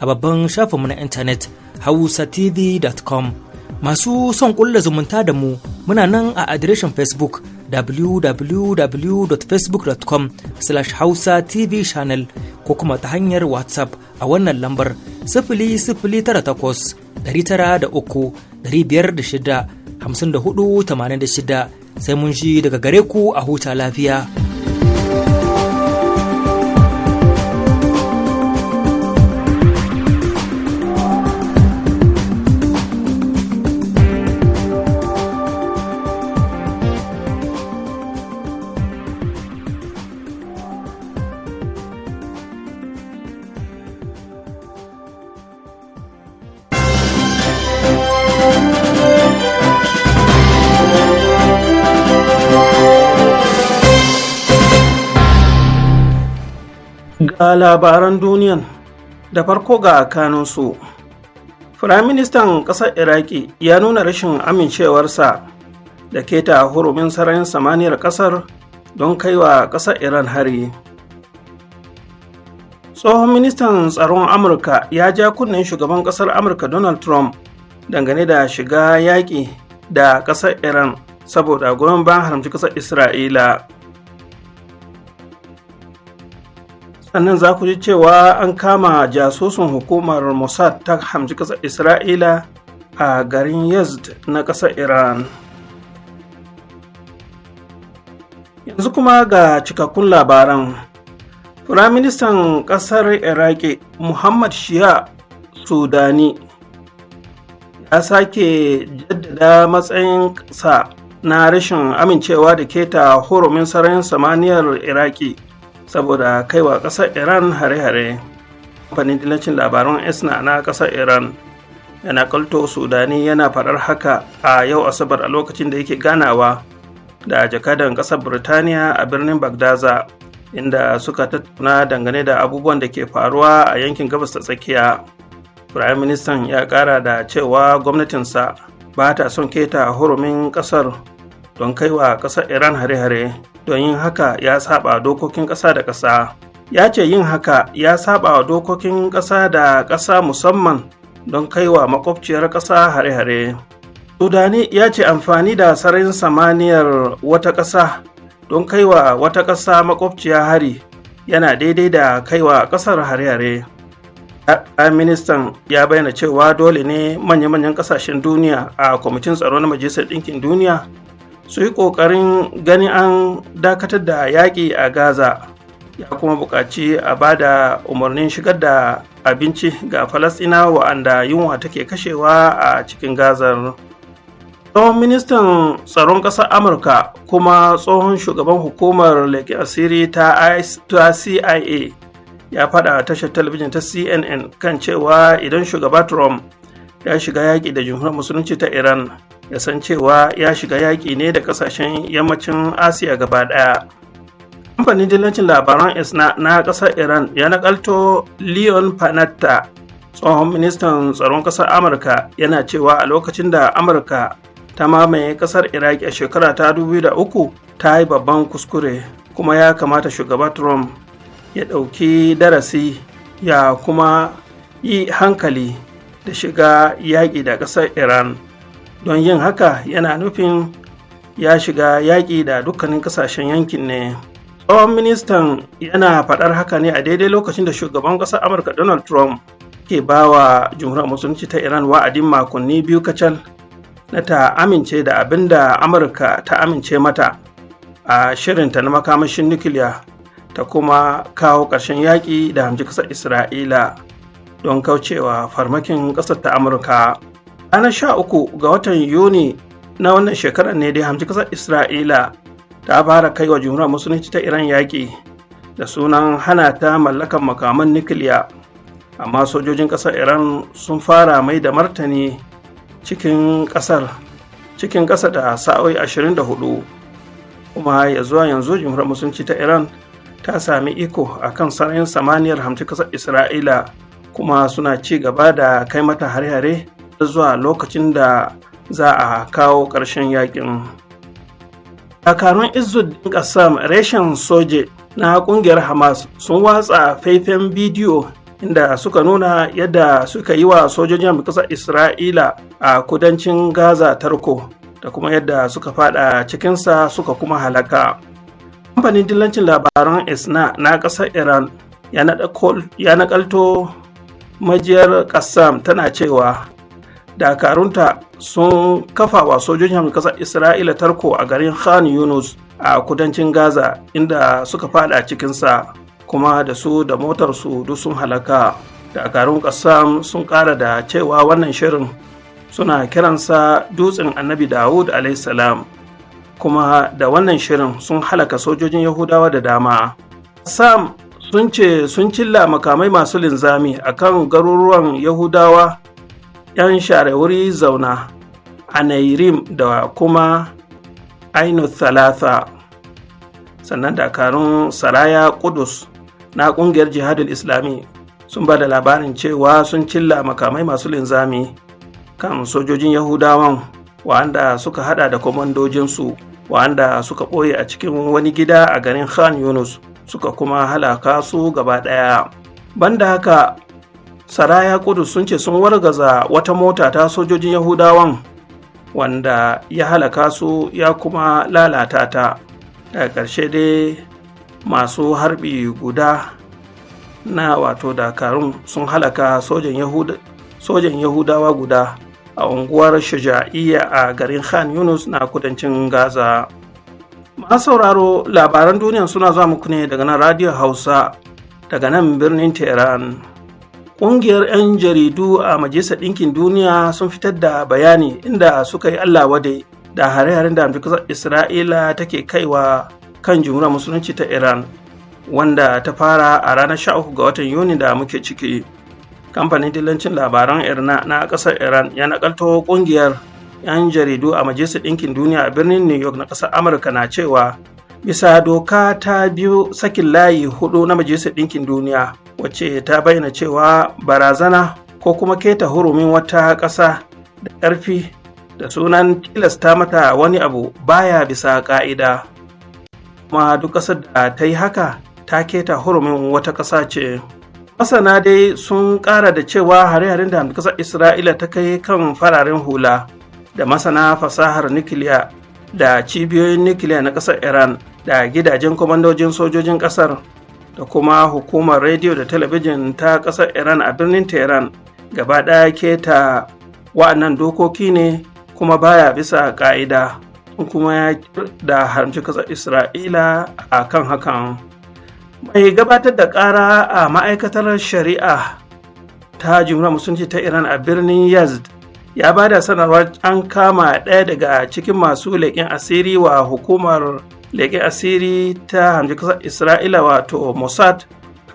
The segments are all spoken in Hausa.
a babban shafinmu na intanet hausatv.com masu son kulla zumunta da mu muna nan a adireshin facebook www.facebook.com slash hausa tv channel ko kuma ta hanyar whatsapp a wannan lambar sifili da tara uku shida hamsin da hudu tamanin sai mun ji daga gare ku a huta lafiya. a labaran duniyan da farko ga kanunsu firaministan ƙasar iraki ya nuna rashin amincewarsa da keta hurumin sararin samaniyar ƙasar don kaiwa ƙasar iran hari tsohon ministan tsaron amurka ya ja kunnen shugaban ƙasar amurka donald trump dangane da shiga yaƙi da ƙasar iran saboda goyon ban haramci ƙasar isra'ila sannan za ku ji cewa an kama jasusun hukumar mossad ta hamji ƙasar isra'ila a garin yazd na ƙasar iran yanzu kuma ga cikakkun labaran firaministan ƙasar iraki muhammad shia sudani ya sake jaddada matsayin sa na rashin amincewa da keta hurumin sararin samaniyar iraki saboda kaiwa ƙasar iran hare-hare kamfanin dillacin labaran esna na ƙasar iran yana kalto sudani yana faɗar haka a yau asabar a lokacin da yake ganawa da jakadan ƙasar birtaniya a birnin bagdaza inda suka tattauna dangane da abubuwan da ke faruwa a yankin gabas ta tsakiya firayim ministan ya kara da cewa gwamnatinsa ba ta son keta hurumin ƙasar don kaiwa ƙasar iran hare-hare don yin haka ya saba dokokin ƙasa da ƙasa ya ce yin haka ya saba wa dokokin ƙasa da ƙasa musamman don kaiwa makwabciyar ƙasa hare-hare sudani ya ce amfani da sararin samaniyar wata ƙasa don kaiwa wata ƙasa makwabciya hari yana daidai da kaiwa ƙasar hare-hare ministan ya bayyana cewa dole ne manya-manyan ƙasashen duniya a kwamitin tsaro na majalisar ɗinkin duniya su yi ƙoƙarin ganin an dakatar da yaƙi a gaza ya kuma buƙaci a ba da umarnin shigar da abinci ga falasɗinawa wa'anda yunwa take kashewa a cikin gazar tsohon ministan tsaron ƙasar amurka kuma tsohon shugaban hukumar leƙi asiri ta cia ya faɗa tashar talabijin ta cnn kan cewa idan shugaba trump ya shiga yaƙi da jamhuriyar musulunci ta iran ya san cewa ya shiga yaƙi ne da ƙasashen yammacin asiya gaba ɗaya kamfanin dillancin labaran isna na ƙasar iran ya naƙalto leon panatta tsohon ministan tsaron ƙasar amurka yana cewa a lokacin da amurka ta mamaye ƙasar iraki a shekara ta 2003 ta yi babban kuskure kuma ya kamata shugaba trump ya ɗauki darasi ya kuma yi hankali da shiga yaƙi da ƙasar iran don yin haka yana nufin ya shiga yaƙi da dukkanin ƙasashen yankin ne tsohon ministan yana faɗar haka ne a daidai lokacin da shugaban ƙasar amurka donald trump ke ba wa jumhuriyar musulunci ta iran wa'adin makonni biyu kacal na ta amince da abin da amurka ta amince mata a shirinta na makamashin nukiliya ta kuma kawo ƙarshen yaƙi da hamji ƙasar isra'ila don kaucewa farmakin ƙasar ta amurka ana sha uku ga watan yuni na wannan shekarar ne dai hamci kasar isra'ila ta fara kai wa jumhuriyar musulunci ta iran yaƙi da sunan hana ta mallakan makaman nukiliya amma sojojin ƙasar iran sun fara mai da martani cikin kasar cikin ƙasa da sa'o'i 24 kuma ya zuwa yanzu jumhuriyar musulunci ta iran ta sami iko a kan sarayin samaniyar hamci kasar isra'ila kuma suna ci gaba da kai mata hare-hare zuwa lokacin da za a kawo ƙarshen yakin. dakarun izuddin ƙasam reshen soje na ƙungiyar hamas sun watsa faifan bidiyo inda suka nuna yadda suka yi wa sojojin ƙasar isra'ila a kudancin gaza tarko da kuma yadda suka fada cikinsa suka kuma halaka kamfanin dillancin labaran isna na ƙasar iran ya naƙalto majiyar ƙasam tana cewa dakarunta sun kafa wa sojojin ƙasar isra'ila tarko a garin khan yunus a kudancin gaza inda suka fada cikinsa kuma da su da motarsu duk sun halaka dakarun kasam sun ƙara da cewa wannan shirin suna kiransa dutsen annabi dawud salam kuma da wannan shirin sun halaka sojojin yahudawa da dama sam sun ce sun cilla makamai masu linzami akan garuruwan yahudawa 'yan share wuri zauna a nairim da kuma ainu thalatha sannan dakarun saraya kudus na kungiyar jihadul islami sun ba da labarin cewa sun cilla makamai masu linzami kan sojojin yahudawan wa'anda suka hada da kwamandojinsu wa'anda suka ɓoye a cikin wani gida a garin khan yunus suka kuma halaka su gaba ɗaya banda haka saraya Kudu sun ce sun wargaza wata mota ta sojojin yahudawan wanda ya halaka su ya kuma lalata ta da ƙarshe dai masu harbi guda na wato dakarun sun halaka sojan yahudawa guda a unguwar shuja'iyya a garin khan yunus na kudancin gaza masu sauraro labaran duniya suna zuwa muku ne daga nan radio hausa daga nan birnin tehran ƙungiyar 'yan jaridu a majalisar ɗinkin duniya sun fitar da bayani inda suka yi allah wade da hare-haren da amurkar isra'ila take kaiwa kan jumhuriyar musulunci ta iran wanda ta fara a ranar 13 ga watan yuni da muke ciki kamfanin dillancin labaran irna na ƙasar iran ya nakalto ƙungiyar 'yan jaridu a majalisar ɗinkin duniya a birnin new york na ƙasar amurka na cewa bisa doka ta biyu sakin layi hudu na majalisar ɗinkin duniya wacce ta bayyana cewa barazana ko kuma keta hurumin wata ƙasa da ƙarfi da sunan tilasta mata wani abu baya bisa ƙa'ida kuma duk ƙasar da ta yi haka ta keta hurumin wata ƙasa ce masana dai sun ƙara da cewa hare-haren da ƙasar isra'ila ta kai kan fararen hula da masana fasahar nukiliya da cibiyoyin nukiliya na ƙasar iran da gidajen kwamandojin sojojin ƙasar da kuma hukumar rediyo da talabijin ta ƙasar iran a birnin tehran gaba ɗaya keta wa'annan dokoki ne kuma baya bisa ƙa'ida kuma ya da haramci ƙasar isra'ila a kan hakan mai gabatar da ƙara a ma'aikatar shari'a ta jumhuriyar musulunci ta iran a birnin yazd ya ba da sanarwar an kama ɗaya daga cikin masu leƙen asiri wa hukumar yake asiri ta hamji ƙasar isra'ila wato mossad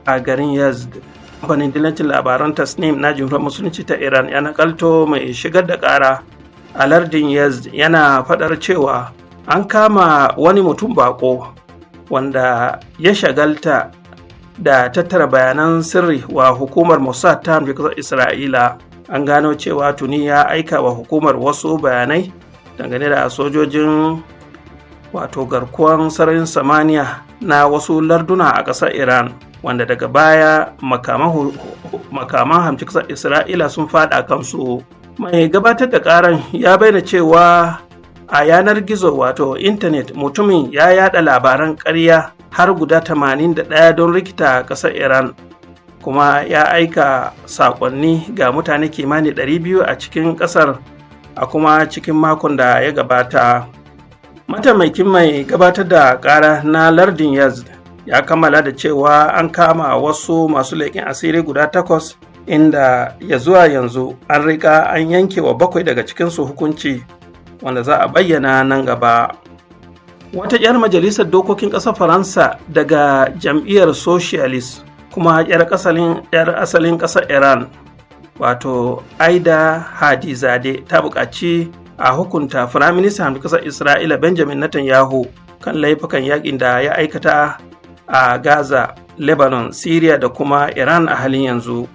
a garin yazd kamfanin dillancin labaran tasnim na jumhuriyar musulunci ta iran ya nakalto mai shigar da ƙara a lardin yazd yana faɗar cewa an kama wani mutum bako wanda ya shagalta da tattara bayanan sirri wa hukumar mossad ta hamji kasar isra'ila an gano cewa tuni ya aika wa hukumar wasu bayanai dangane da sojojin wato garkuwan sararin samaniya na wasu larduna a ƙasar iran wanda daga baya makaman hamci ƙasar isra'ila sun faɗa kansu mai gabatar da ƙaran ya bayyana cewa a yanar gizo wato intanet mutumin ya yada labaran karya har guda 81 don rikita ƙasar iran kuma ya aika saƙonni ga mutane kimanin 200 a cikin ƙasar a kuma cikin makon da ya gabata mataimakin mai gabatar da ƙara na lardin yazd ya kammala da cewa an kama wasu masu leƙin asiri guda takwas inda ya zuwa yanzu an riƙa an yanke wa bakwai daga cikinsu hukunci wanda za a bayyana nan gaba wata 'yar majalisar dokokin ƙasar faransa daga jam'iyyar socialist kuma 'yar asalin ƙasar iran wato aida hadizade ta buƙaci a hukunta firaministan ƙasar isra'ila benjamin netanyahu kan laifukan yakin da ya aikata a gaza lebanon syria da kuma iran a halin yanzu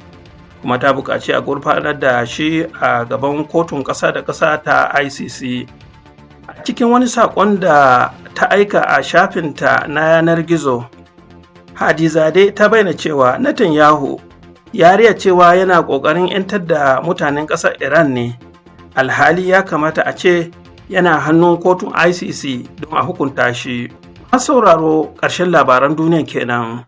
kuma ta buƙaci a gurfanar da shi a gaban kotun ƙasa da ƙasa ta icc a cikin wani saƙon da ta aika a shafinta na yanar gizo hadizade ta bayyana cewa netanyahu yariya cewa yana ƙoƙarin 'yantar da mutanen ƙasar iran ne alhali ya kamata a ce yana hannun kotun icc don a hukunta shi. An sauraro ƙarshen labaran duniya kenan.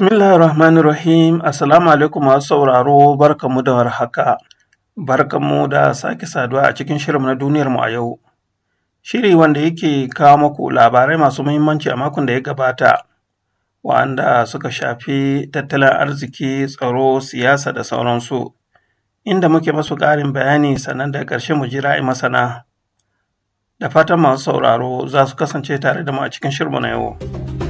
Rahim. Assalamu alaikum masu sauraro barkamu da warhaka. Barkamu da sake saduwa a cikin shirin na duniyar mu a yau. Shiri wanda yake kawo muku labarai masu muhimmanci a makon da ya gabata, wa'anda suka shafi tattalin arziki, tsaro, siyasa da sauransu, inda muke masu ƙarin bayani sannan da ƙarshe mu jira masana. Da fatan masu sauraro za su kasance tare da mu a cikin shirinmu na yau.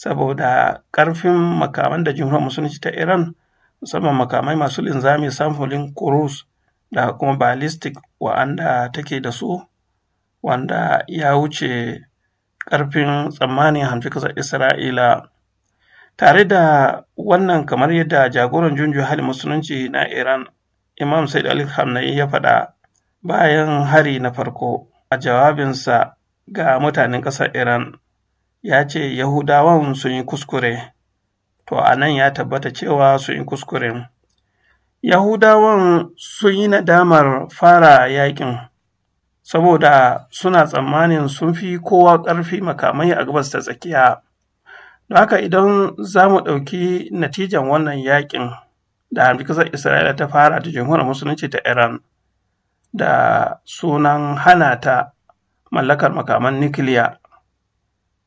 saboda karfin makaman da jimhuriyar musulunci ta iran musamman makamai masu linzami samfulin kurus da kuma ballistic wa'anda take da su wanda ya wuce karfin tsammanin hamfi ƙasar isra'ila tare da wannan kamar yadda jagoran junju hali musulunci na iran imam said ali ya faɗa bayan hari na farko a jawabinsa ga mutanen ƙasar iran ya ce Yahudawan sun yi kuskure, to a nan ya tabbata cewa sun yi kuskure. Yahudawan sun yi nadamar fara yakin, saboda suna tsammanin sun fi kowa ƙarfi makamai a gabas ta tsakiya. Da haka idan za mu ɗauki natijan wannan yakin da kasar Isra'ila ta fara da jamhuriyar musulunci ta Iran da sunan hana ta mallakar makaman nukiliya.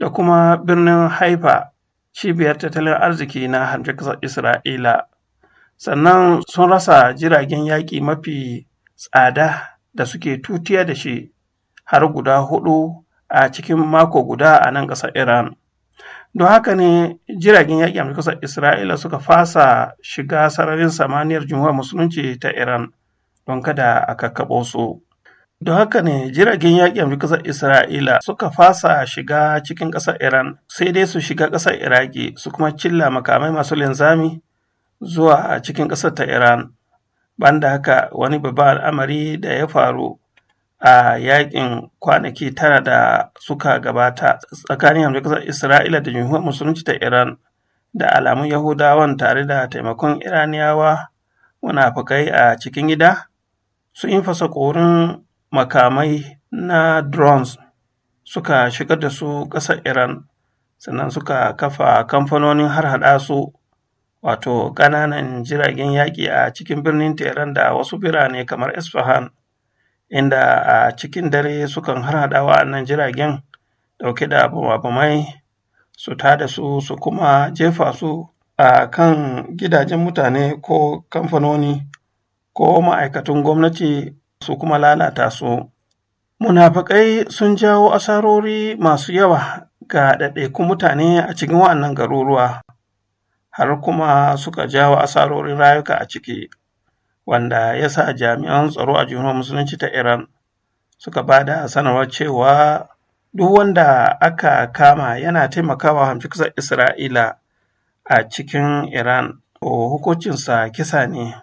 da kuma birnin Haifa cibiyar tattalin arziki na hamshe ƙasar Isra'ila. Sannan sun rasa jiragen yaƙi mafi tsada da suke tutiya da shi har guda hudu a cikin mako guda a nan ƙasar Iran. Don haka ne jiragen yaƙi hamshe ƙasar Isra'ila suka fasa shiga sararin samaniyar jumhuriyar musulunci ta Iran don kada a kakkaɓo su. Don haka ne jiragen yakin kasar Isra'ila suka fasa shiga cikin ƙasar Iran sai dai su shiga ƙasar Iraki su kuma cilla makamai masu linzami zuwa cikin ƙasar ta Iran. Banda haka wani babban al'amari da ya faru a yaƙin kwanaki tara da suka gabata tsakanin ƙasar Isra'ila da jami'an musulunci ta Iran da alamun Yahudawan tare da taimakon Iraniyawa munafukai a cikin gida sun yi fasa korin makamai na drones suka shigar da su ƙasar Iran sannan suka kafa kamfanonin harhaɗa su wato ƙananan jiragen yaƙi a cikin birnin Tehran da wasu birane kamar Isfahan inda a cikin dare sukan harhaɗa wa'annan jiragen ɗauke da bamabamai su tada su su kuma jefa su a kan gidajen mutane ko kamfanoni ko ma'aikatan gwamnati su kuma lalata su. Munafakai sun jawo asarori masu yawa ga ɗaiɗaikun mutane a cikin wannan garuruwa, har kuma suka jawo asarorin rayuka a ciki, wanda ya sa jami'an tsaro a juna musulunci ta Iran suka ba da sanarwar cewa duk wanda aka kama yana taimakawa kusa Isra'ila a cikin Iran, hukuncinsa kisa ne.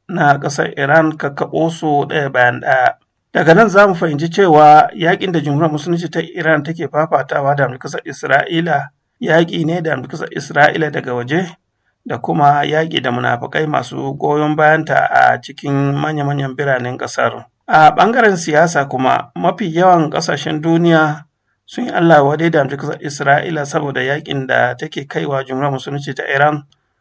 na ƙasar Iran kaɓo su ɗaya bayan ɗaya. Daga nan za mu fahimci cewa yaƙin da jumhuriyar musulunci ta Iran take fafatawa da ƙasar Isra'ila yaƙi ne da ƙasar Isra'ila daga waje da kuma yaƙi da munafukai masu goyon bayanta a cikin manya-manyan biranen ƙasar. A ɓangaren siyasa kuma mafi yawan ƙasashen duniya sun yi Allah wadai da ƙasar Isra'ila saboda yaƙin da take kaiwa jumhuriyar musulunci ta Iran.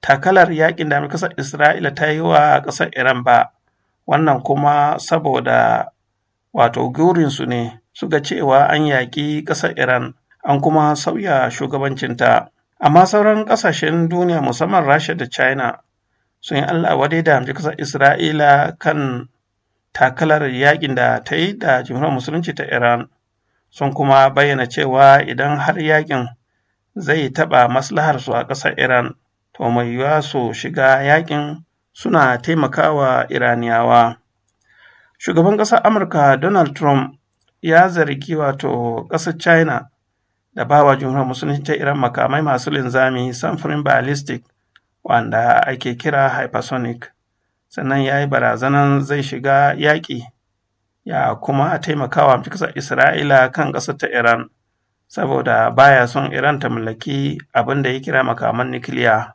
takalar yaƙin da kasar isra'ila ta yi wa ƙasar iran ba wannan kuma saboda wato gurinsu ne suka cewa an yaƙi ƙasar iran an kuma sauya shugabancinta amma sauran ƙasashen duniya musamman rasha da china sun yi allah wadai da amci ƙasar isra'ila kan takalar yaƙin da ta yi da jimhuriyar musulunci ta iran sun kuma bayyana cewa idan har yaƙin zai taɓa maslaharsu a ƙasar iran to mai yiwuwa su shiga yakin suna taimakawa Iraniyawa. Shugaban ƙasar Amurka Donald Trump ya zargi wato ƙasar China da bawa jumhuriyar musulunci ta Iran makamai masu linzami samfurin ballistic wanda ake kira hypersonic sannan ya yi barazanan zai shiga yaƙi ya kuma taimakawa mafi ƙasar Isra'ila kan ƙasar ta Iran saboda baya son Iran ta mallaki abin da ya kira makaman nukiliya.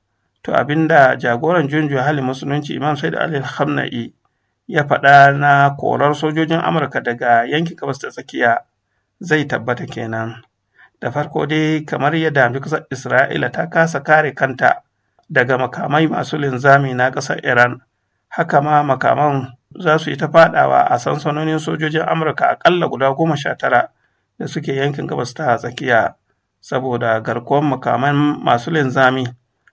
to abinda jagoran junjo halin musulunci imam said ali hamna'i ya faɗa na korar sojojin amurka daga yankin gabas da tsakiya zai tabbata kenan da farko dai kamar yadda kusa isra'ila ta kasa kare kanta daga makamai masu linzami na ƙasar iran haka ma makaman za su yi ta faɗawa a sansanonin sojojin amurka aƙalla guda goma sha tara da suke yankin gabas ta tsakiya saboda garkuwar makaman masu linzami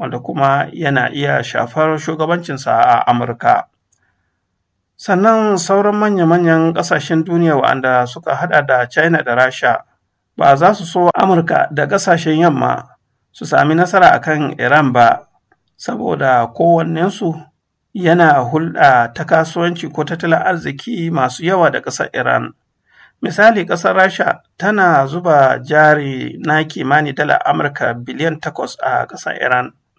wanda kuma yana iya shafar shugabancinsa a Amurka. Sannan sauran manya-manyan ƙasashen duniya wanda suka hada da China da Rasha ba za su so Amurka da ƙasashen yamma su sami nasara a kan Iran ba, saboda kowannensu yana hulɗa ta kasuwanci ko tattalin arziki masu yawa da ƙasar Iran. Misali ƙasar Rasha tana zuba jari na kimanin dala Amurka biliyan takwas a ƙasar Iran.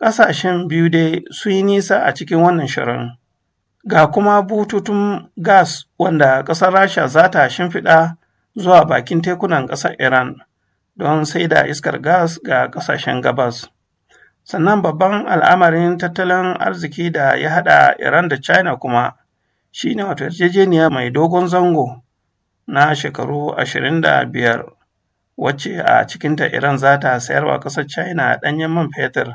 ƙasashen biyu dai sun yi nisa a cikin wannan shirin. Ga kuma bututun gas wanda ƙasar Rasha za ta shimfiɗa zuwa bakin tekunan ƙasar Iran don sai da iskar gas ga ƙasashen gabas. Sannan babban al'amarin tattalin arziki da ya haɗa Iran da China kuma shi ne wato yarjejeniya mai dogon zango na shekaru ashirin da biyar wacce a cikinta Iran za ta sayarwa ƙasar China ɗanyen man fetur.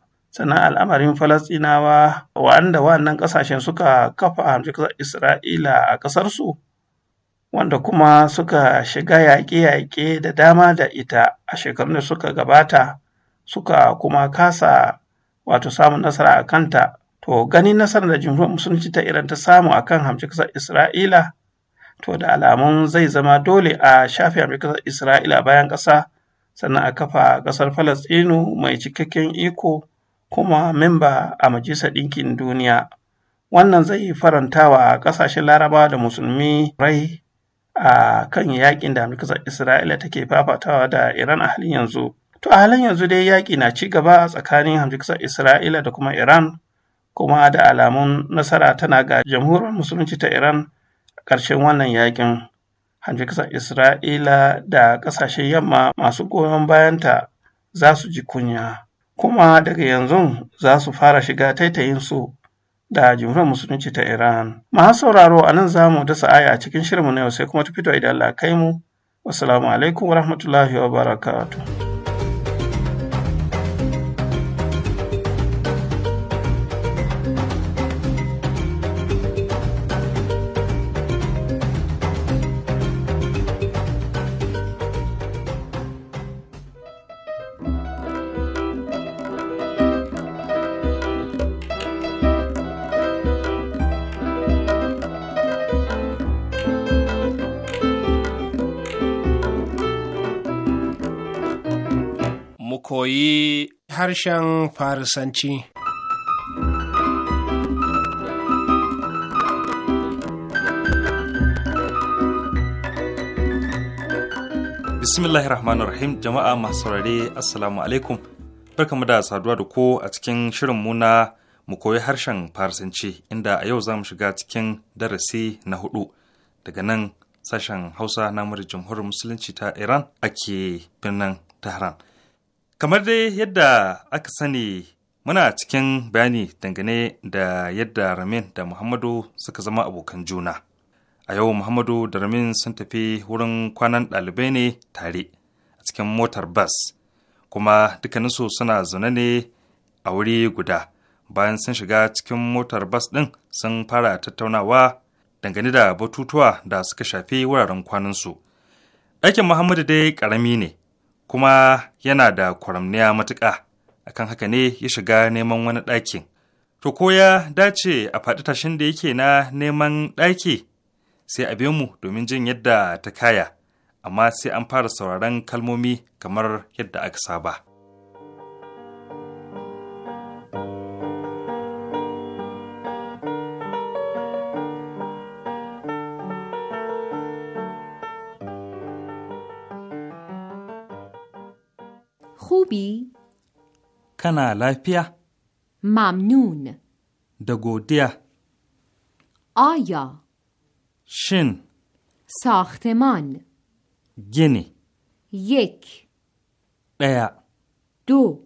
sannan al'amarin falastinawa wanda wannan ƙasashen suka kafa kasar isra'ila a ƙasarsu wanda kuma suka shiga yaƙe-yaƙe da dama da ita a shekarun da suka gabata suka kuma kasa wato samun nasara a kanta to ganin nasarar da jumhuriyar musulunci ta iran ta samu a kan kasar isra'ila to da alamun zai zama dole a shafi hamci kasar isra'ila bayan ƙasa sannan a kafa ƙasar falastinu mai cikakken iko kuma memba a majalisar ɗinkin duniya wannan zai faranta wa ƙasashen larabawa da musulmi rai a kan yaƙin da amurka isra'ila take fafatawa da iran a halin yanzu to a halin yanzu dai yaƙi na ci gaba tsakanin amurka isra'ila da kuma iran kuma da alamun nasara tana ga jamhuriyar musulunci ta iran a ƙarshen wannan yaƙin amurkar isra'ila da ƙasashen yamma masu goyon bayanta za su ji kunya kuma daga yanzu za su fara shiga taitayinsu da jumhuriyar musulunci ta Iran. Masu sauraro a nan za mu dasa aya a cikin shirinmu na yau sai kuma ta fito idan Allah kai mu. Wassalamu alaikum warahmatullahi wabarakatuh. koyi harshen Farisanci. Bismillahirrahmanirrahim jama'a masu saurare Assalamu alaikum. Barkamu da saduwa da ko a cikin shirin muna mu koyi harshen Farisanci inda a yau za mu shiga cikin darasi na hudu daga nan sashen Hausa na Jamhuriyar Musulunci ta Iran ake birnin Tehran. Kamar dai yadda aka sani muna cikin bayani dangane da yadda Ramin da Muhammadu suka zama abokan juna. A yau Muhammadu da Ramin sun tafi wurin kwanan ɗalibai ne tare a cikin motar bas, kuma dukkaninsu suna zaune ne a wuri guda. Bayan sun shiga cikin motar bas ɗin sun fara tattaunawa dangane da batutuwa da suka shafi wuraren kwanansu. Ɗakin Muhammadu dai ƙarami ne, kuma yana da kwaramniya matuƙa akan haka ne ya shiga neman wani ɗakin to ko ya dace a faɗi tashin da yake na neman ɗaki sai a mu domin jin yadda ta kaya amma sai an fara sauraron kalmomi kamar yadda aka saba. خوبی؟ کنا لایپیا ممنون دگودیا آیا شن ساختمان گینی یک بیا دو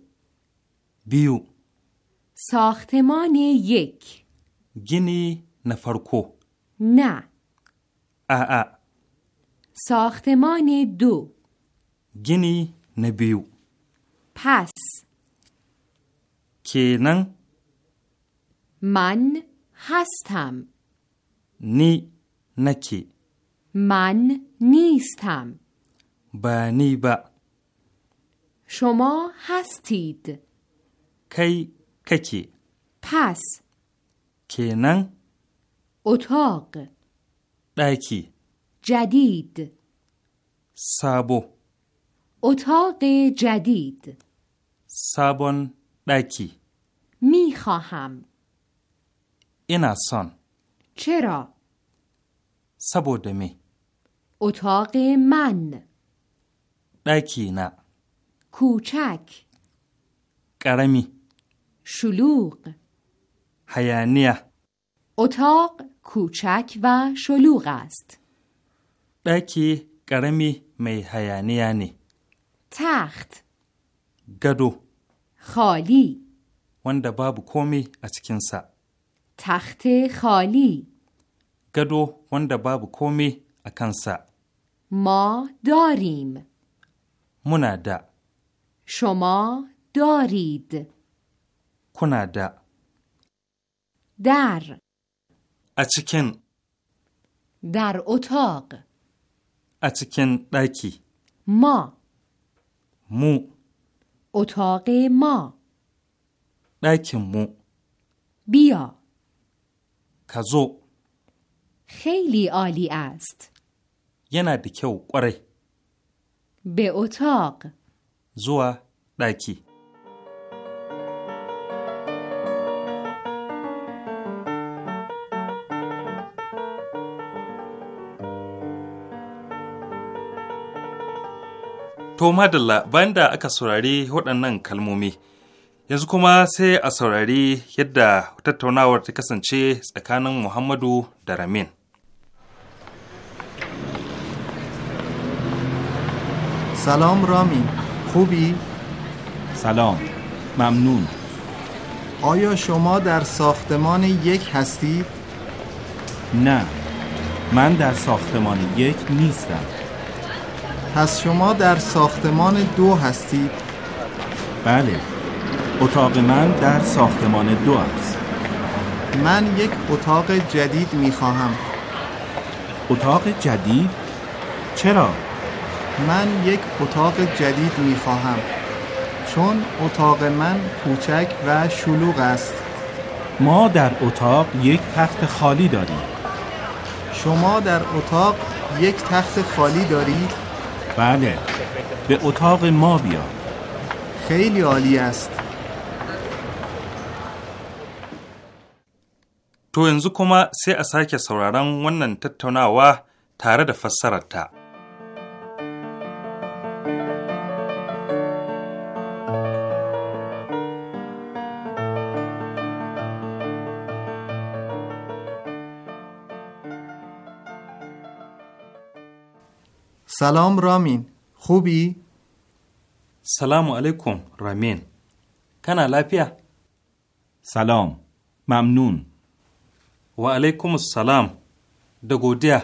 بیو ساختمان یک گینی نفرکو نه آآ ساختمان دو گینی نبیو پس کینن من هستم نی نکی من نیستم بانی با شما هستید کی ککی پس کینن اتاق دکی جدید سابو اتاق جدید سابون بکی می خواهم این چرا؟ سبودمی اتاق من بکی نه کوچک قرمی شلوغ حیانیه. اتاق کوچک و شلوغ است دکی قرمی می حیانیه تخت گدو خالی وند بابو کومی ا تخت خالی گدو وند بابو کومی اکنسا ما داریم منادا شما دارید کونا در ا در اتاق ا دایکی داکی ما مو اتاق ما داکین مو بیا کزو خیلی عالی است ندیکه و قره به اتاق زوا داکی To madalla bayan da aka saurari waɗannan kalmomi, yanzu kuma sai a saurari yadda tattaunawar ta kasance tsakanin Muhammadu da Ramin. سلام رامین خوبی؟ سلام ممنون آیا شما در ساختمان یک هستید؟ نه من در ساختمان یک نیستم پس شما در ساختمان دو هستید؟ بله اتاق من در ساختمان دو است من یک اتاق جدید می خواهم اتاق جدید؟ چرا؟ من یک اتاق جدید می خواهم چون اتاق من کوچک و شلوغ است ما در اتاق یک تخت خالی داریم شما در اتاق یک تخت خالی دارید؟ بله به اتاق ما بیا خیلی عالی است To yanzu kuma sai a sake sauraron wannan tattaunawa tare da fassararta. سلام رامین خوبی؟ سلام علیکم رامین کنا لپیا؟ سلام ممنون و علیکم السلام دگودیا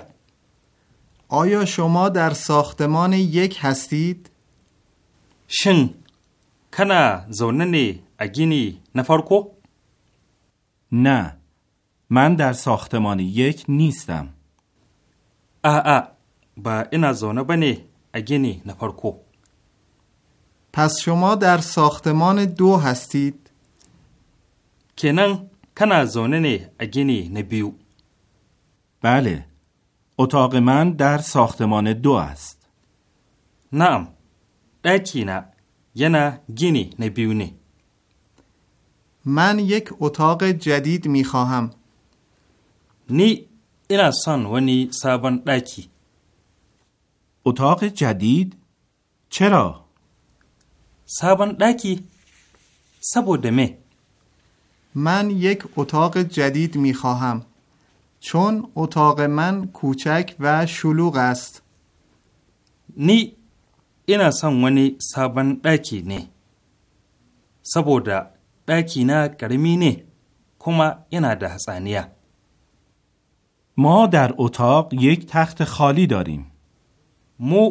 آیا شما در ساختمان یک هستید؟ شن کنا زوننی اگینی نفرکو؟ نه من در ساختمان یک نیستم اه اه با اینا زونه بنی اگینی نفرکو پس شما در ساختمان دو هستید؟ کنن کنا زونه نه اگینی نبیو بله اتاق من در ساختمان دو است نعم دکی نه گینی گینی نبیو نه من یک اتاق جدید می خواهم نی اینا سان ونی سابن داکی اتاق جدید چرا سابن داکی سبودمه من یک اتاق جدید می خواهم چون اتاق من کوچک و شلوغ است نی اینا سان ونی سابن داکی نه سبوده داکی نا کرمی نه کما اینا ده ما در اتاق یک تخت خالی داریم mu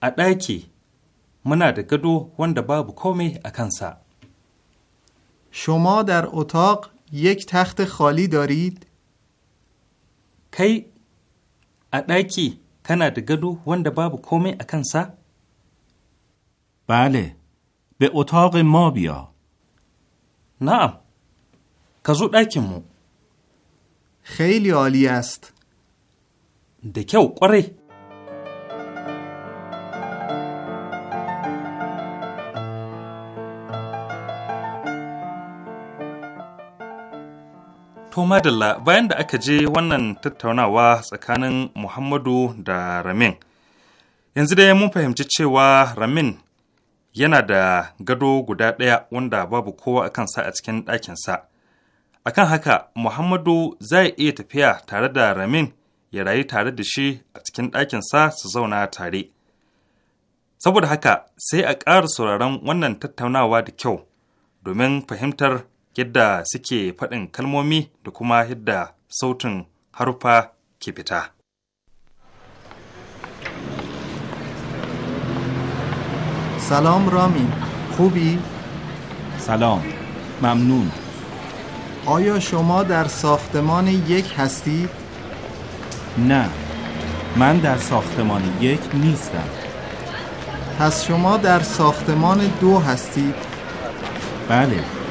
a ɗaki muna da gado wanda babu komai a kansa. Shoma dar otaq یک تخت khali darid? Kai a ɗaki kana da gado wanda babu komai a kansa? Bale, be otaq ma biya. Na'am, ka zo ɗakinmu خیلی عالی است ده kyau ƙwarai To madalla bayan da aka je wannan tattaunawa tsakanin Muhammadu da Ramin. Yanzu dai mun fahimci cewa Ramin yana da gado guda ɗaya wanda babu kowa a kansa a cikin ɗakinsa. A kan haka Muhammadu zai iya tafiya tare da Ramin ya rayu tare da shi a cikin ɗakinsa su zauna tare. Saboda haka sai a ƙara sauraron wannan tattaunawa da kyau domin fahimtar یده سکه پدن کلمومی ده کما یده سوتن حروفا که فیتا سلام رامین خوبی؟ سلام ممنون آیا شما در ساختمان یک هستید؟ نه من در ساختمان یک نیستم پس شما در ساختمان دو هستید؟ بله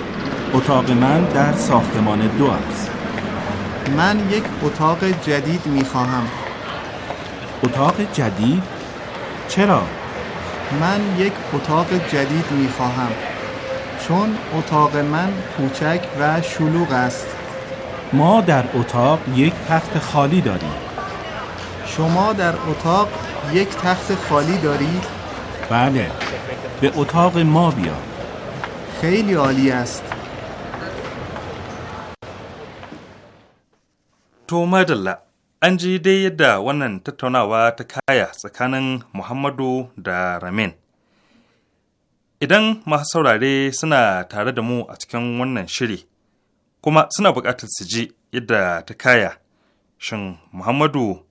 اتاق من در ساختمان دو است من یک اتاق جدید می خواهم اتاق جدید؟ چرا؟ من یک اتاق جدید می خواهم چون اتاق من کوچک و شلوغ است ما در اتاق یک تخت خالی داریم شما در اتاق یک تخت خالی دارید؟ بله به اتاق ما بیا خیلی عالی است To madalla, an ji dai yadda wannan tattaunawa ta kaya tsakanin Muhammadu da Ramin. Idan masu saurare suna tare da mu a cikin wannan shiri, kuma suna buƙatar su ji yadda ta kaya, shin Muhammadu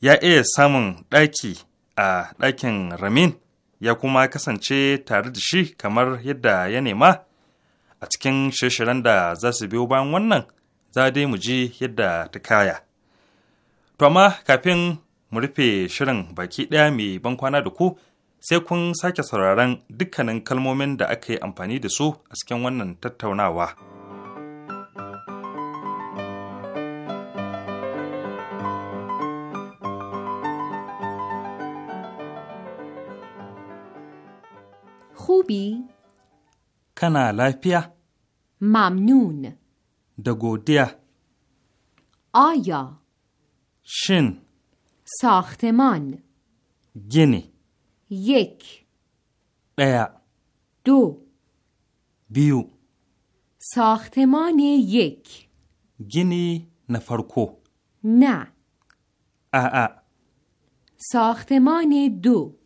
ya iya samun ɗaki a ɗakin Ramin ya kuma kasance tare da shi kamar yadda ya nema a cikin shirye-shiryen da za su biyo bayan wannan? za dai mu ji yadda ta kaya. To amma kafin mu rufe shirin baki ɗaya mai ban kwana da ku sai kun sake sauraron dukkanin kalmomin da aka yi amfani da su a cikin wannan tattaunawa. kana lafiya? Mamnun. da آیا شن ساختمان گینی یک دیا دو بیو ساختمان یک گینی نفرکو نه آآ ساختمان دو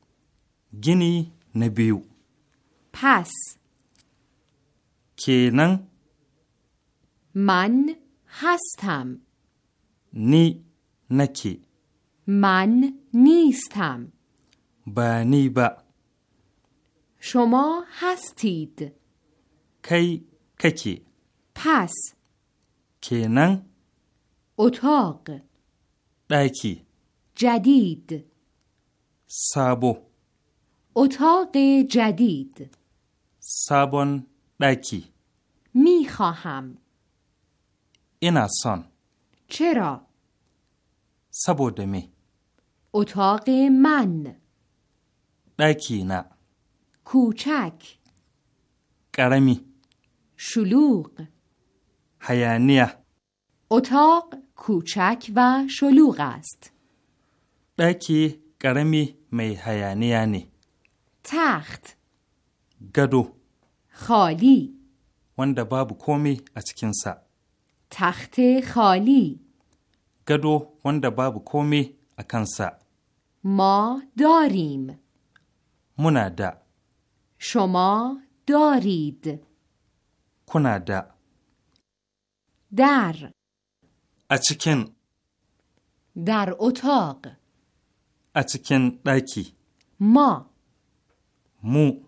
گینی نبیو پس کینن من هستم نی نکی من نیستم نی با شما هستید کی ککی پس کنن اتاق دکی جدید سابو اتاق جدید سابون داکی میخواهم این سان چرا؟ سبودمی اتاق من دکی نه کوچک قرمی شلوغ حیانیه اتاق کوچک و شلوغ است دکی قرمی می هیانیه نی تخت گدو خالی وند باب کومی از کنسه تخت خالی گدو وند باب کومی اکنسا ما داریم منادا شما دارید کنادا در اچکن در اتاق اچکن داکی ما مو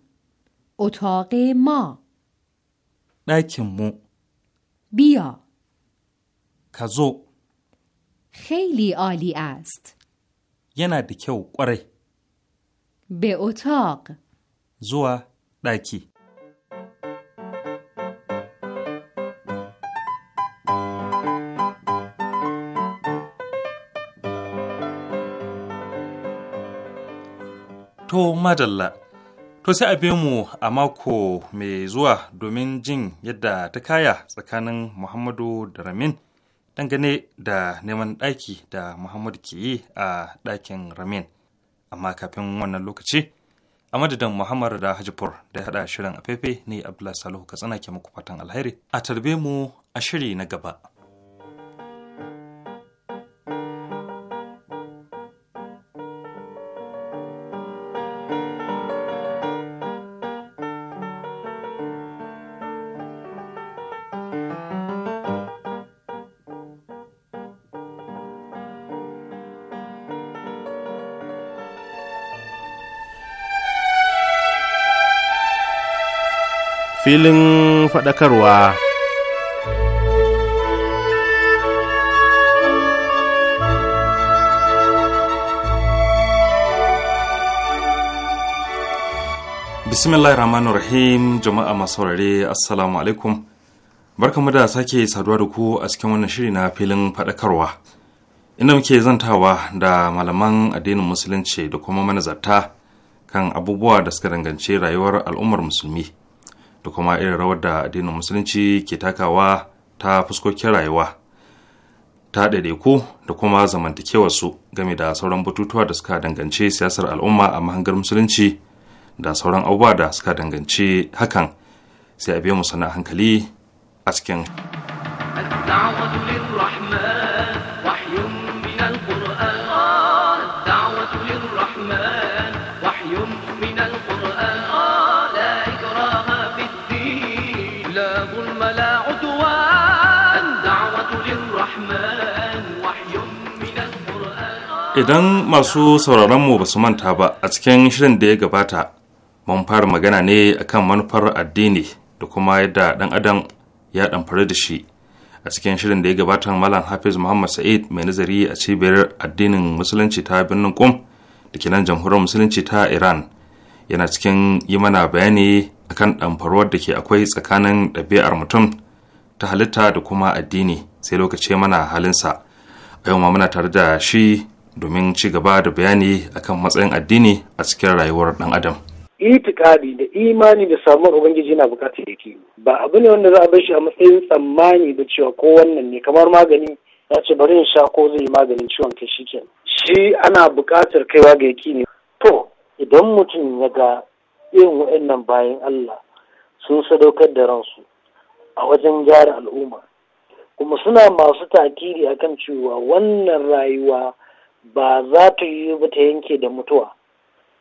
اتاق ما داکی مو بیا kazo. خیلی عالی است yana da kyau kwarai به اتاق zuwa ɗaki. To madalla, to sai a mu a mako mai zuwa domin jin yadda ta kaya tsakanin Muhammadu da Ramin. dangane da neman ɗaki da Muhammad ke yi a ɗakin Ramin. Amma kafin wannan lokaci, a madadin Muhammad da Hajifur da haɗa shirin a ne Abdullahi Salihu Katsina ke muku fatan alheri. A tarbe mu a shiri na gaba. filin faɗakarwa. bismillahir rahim jama'a masu saurare assalamu alaikum barkamu da sake saduwa da ku a cikin wannan shiri na filin faɗakarwa Ina muke zantawa da malaman addinin musulunci da kuma manazarta kan abubuwa da suka danganci rayuwar al'ummar musulmi da kuma irin rawar da addinin musulunci ke takawa ta fuskokin rayuwa ta ɗaiɗaiku da kuma su game da sauran batutuwa da suka danganci siyasar al'umma a mahangar musulunci da sauran abubuwa da suka danganci hakan sai a biya musana hankali a cikin. idan masu sauraronmu ba su manta ba a cikin shirin da ya gabata mun fara magana ne akan manufar addini da kuma yadda dan adam ya damfari da shi a cikin shirin da ya gabata malam hafiz muhammad sa'id mai nazari a cibiyar addinin musulunci ta birnin kum da ke nan jamhuriyar musulunci ta iran yana cikin yi mana bayani akan ɗamfarwar da ke akwai tsakanin ɗabi'ar mutum ta halitta da kuma addini sai lokaci mana halinsa a yau ma muna tare da shi domin ci gaba da bayani akan matsayin addini a cikin rayuwar ɗan adam. itikadi da imani da samuwar ubangiji na bukatar yake ba abu ne wanda za a bar shi a matsayin tsammani da cewa ko wannan ne kamar magani ya ce bari in sha ko zai yi maganin ciwon kai shi shi ana bukatar kaiwa ga yaki ne to idan mutum ya ga irin wa'annan bayan Allah sun sadaukar da ransu a wajen gyara al'umma kuma suna masu takiri akan cewa wannan rayuwa ba za ta yi ba ta yanke da mutuwa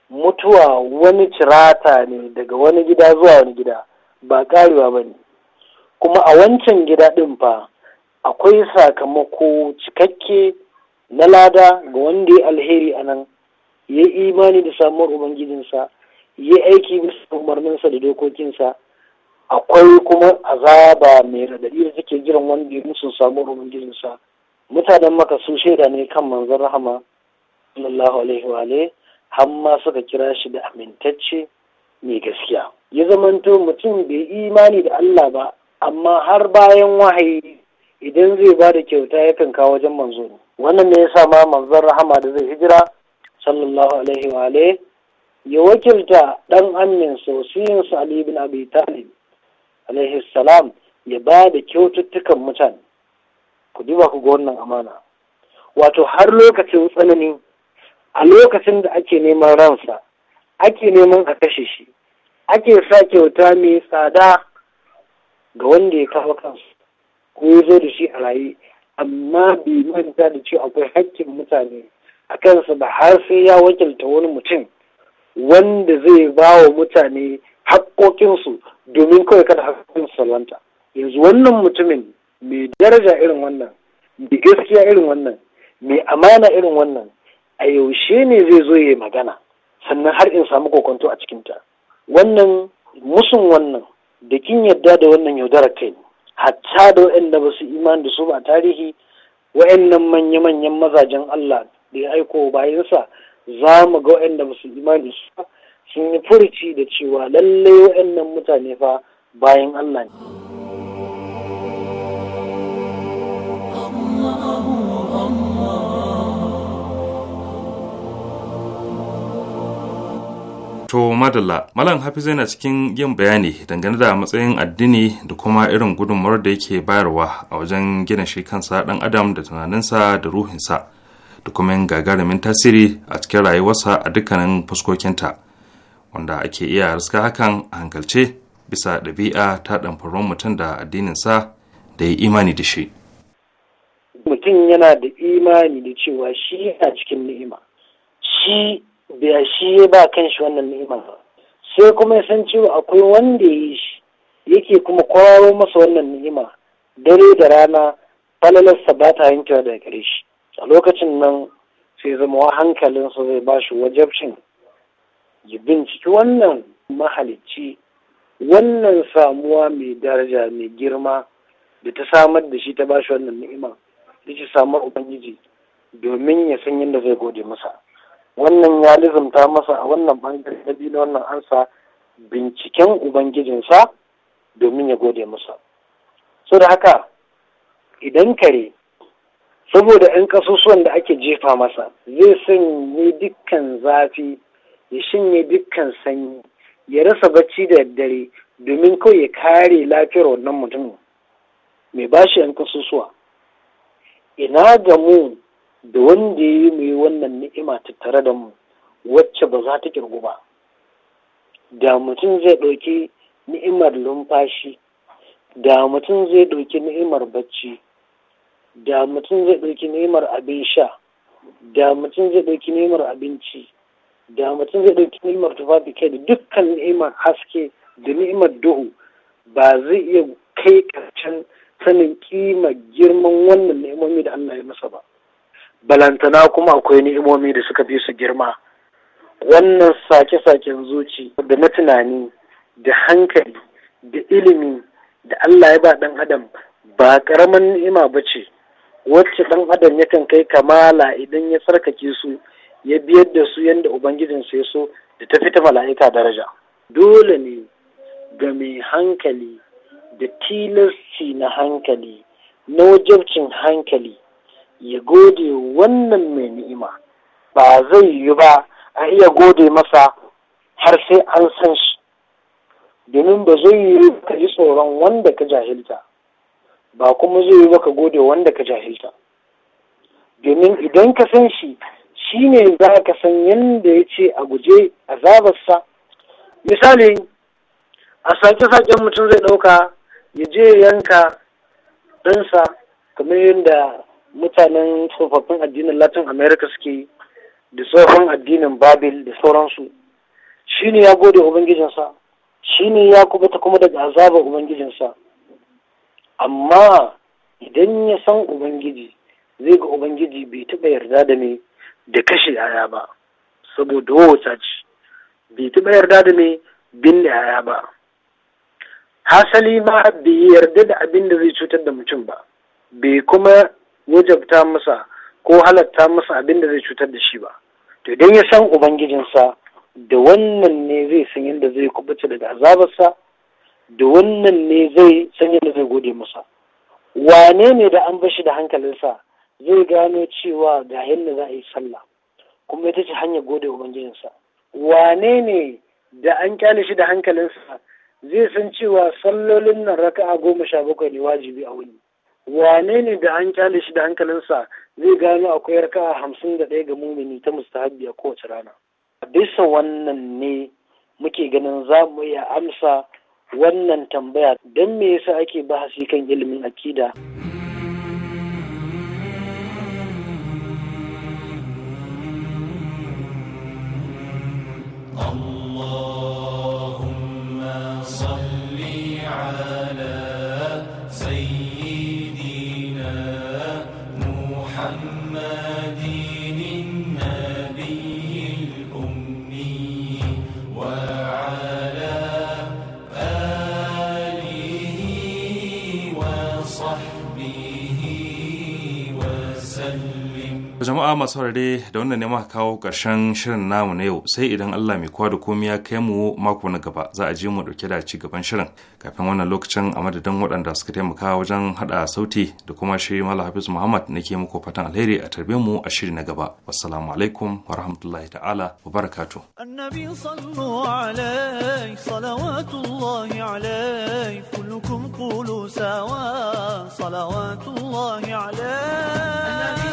mutuwa wani cirata ne daga wani gida zuwa wani gida ba karewa ba ne kuma a wancan gida ɗin fa akwai sakamako cikakke na lada ga wanda ya alheri a nan ya yi imani da samuwar ubangijinsa ya yi aiki bisa umarninsa da dokokinsa akwai kuma azaba mai raɗaɗi da take jiran wanda ya musu samuwar ubangijinsa mutanen maka su shaida ne kan manzon rahama sallallahu alaihi wa har ma suka kira shi da amintacce mai gaskiya ya zamanto mutum bai imani da Allah ba amma har bayan wahayi idan zai ba da kyauta yakan kawo wajen manzo wannan ne yasa ma manzon rahama da zai hijira sallallahu alaihi wa ya wakilta dan amin sosiyin Ali ibn Abi Talib alaihi salam ya ba da kyaututtukan mutane ku duba ku ga wannan amana wato har lokacin tsanani a lokacin da ake neman ransa ake neman a kashe shi ake sa kyauta mai tsada ga wanda ya kawo kansu ko ya zo da shi a raye amma bai manta da cewa akwai hakkin mutane a kansa ba har sai ya wakilta wani mutum wanda zai ba wa mutane haƙoƙinsu domin kawai kada haƙoƙin salanta yanzu wannan mutumin mai daraja irin wannan mai gaskiya irin wannan mai amana irin wannan a yaushe ne zai zo ya magana sannan har in samu kokonto a cikinta wannan musun wannan da kin yadda da wannan yaudarar kai ne hatta da waɗanda ba su iman da su ba a tarihi waɗannan manya-manyan mazajen Allah da ya aiko bayansa za mu ga waɗanda ba su iman da su sun yi furci da cewa lallai waɗannan mutane fa bayan Allah ne. To madalla, Malam zai yana cikin yin bayani dangane da matsayin addini da kuma irin gudunmawar da yake bayarwa a wajen gina shi kansa ɗan adam da tunaninsa da ruhinsa da kuma yin gagarumin tasiri a cikin rayuwarsa a dukkanin fuskokinta wanda ake iya riska hakan a hankalce bisa ɗabi'a ta faruwar mutum da addininsa da ya imani da shi. Mutum yana da imani da cewa shi yana cikin ni'ima. Shi biya shi ya ba kan shi wannan ni'ima sai kuma ya san cewa akwai wanda ya yi shi yake kuma kwararo masa wannan ni'ima dare da rana falalarsa ba ta yankewa daga gare shi a lokacin nan sai zama wa hankalinsa zai ba shi wajabcin ya binciki wannan mahalicci wannan samuwa mai daraja mai girma da ta samar da shi ta ba shi wannan ni'ima da shi samar ubangiji domin ya san yadda zai gode masa wannan ya lizumta masa a wannan bangare na biyu na wannan ansa binciken ubangijinsa domin ya gode masa so da haka idan kare saboda 'yan ƙasusuwan da ake jefa masa zai sanye dukkan zafi ya shanye dukkan sanyi ya rasa bacci da daddare domin kawai ya kare lafiyar wannan mutum mai bashi 'yan ƙasusuwa ina ga mu da wanda ya yi mai wannan ni'ima tattare da mu wacce ba za ta kirgu ba da mutum zai ɗauki ni'imar lumfashi da mutum zai ɗauki ni'imar bacci da mutum zai ɗauki ni'imar abin sha da mutum zai ɗauki ni'imar abinci da mutum zai ɗauki ni'imar tufafi kai da dukkan ni'imar haske da ni'imar duhu ba zai iya kai ƙarshen sanin kima girman wannan ni'imomi da Allah ya masa ba. balantana kuma akwai ni'imomi da suka fi su girma wannan sake-saken zuci da na tunani da hankali da ilimi da Allah ya ba ɗan adam ba ƙaramin ni'ima ba ce wacce ɗan adam yakan kai kamala idan ya tsarkake su ya biyar da su yadda ubangijinsu ya so da ta fita mala'ika daraja dole ne ga mai hankali da tilasci na hankali na wajabcin hankali ya gode wannan mai ni'ima ba zai yi ba a iya gode masa har sai an san shi domin ba zai yi ka yi tsoron wanda ka jahilta ba kuma zai yi ka gode wanda ka jahilta domin idan ka san shi shi ne za ka san yadda ya ce a guje a azabarsa misali a sake-saken mutum zai ɗauka ya je yanka ɗansa kamar yadda mutanen tsofaffin addinin latin america suke da tsofaffin addinin babil da sauransu shine ya gode ubangijinsa shine ya kubuta kuma daga azabar ubangijinsa amma idan ya san ubangiji zai ga ubangiji bai taɓa yarda da me da kashe yaya ba saboda wata ce bai taɓa yarda da me bin da yaya ba hasali ma bai yarda da abin da zai cutar da mutum ba bai kuma wajabta masa ko halatta masa abin da zai cutar da shi ba to idan ya san ubangijinsa da wannan ne zai san yadda zai kubuta daga azabarsa da wannan ne zai san yadda zai gode masa wane ne da an bashi da hankalinsa zai gano cewa ga yadda za a yi sallah kuma ita ce hanyar gode ubangijinsa wane ne da an kyale shi da hankalinsa zai san cewa sallolin nan raka'a goma sha bakwai ne wajibi a wuni wane ne da an kyale shi da hankalinsa zai gano akwai raka hamsin da ɗaya ga mumini ta mustahabi a kowace rana A bisa wannan ne muke ganin za mu iya amsa wannan tambaya don me yasa ake bahasi kan ilimin akida. jama'a masu saurare da wannan ne kawo karshen shirin namu na yau sai idan Allah mai kowa da komai ya kai mu mako na gaba za a je mu dauke da ci gaban shirin kafin wannan lokacin a madadin waɗanda suka taimaka wajen hada sauti da kuma shi Malam Hafiz Muhammad nake muku fatan alheri a tarbe mu a shiri na gaba wassalamu alaikum wa rahmatullahi ta'ala wa barakatu annabi sallu alaihi salawatullahi alaihi kullukum qulu sawa salawatullahi alaihi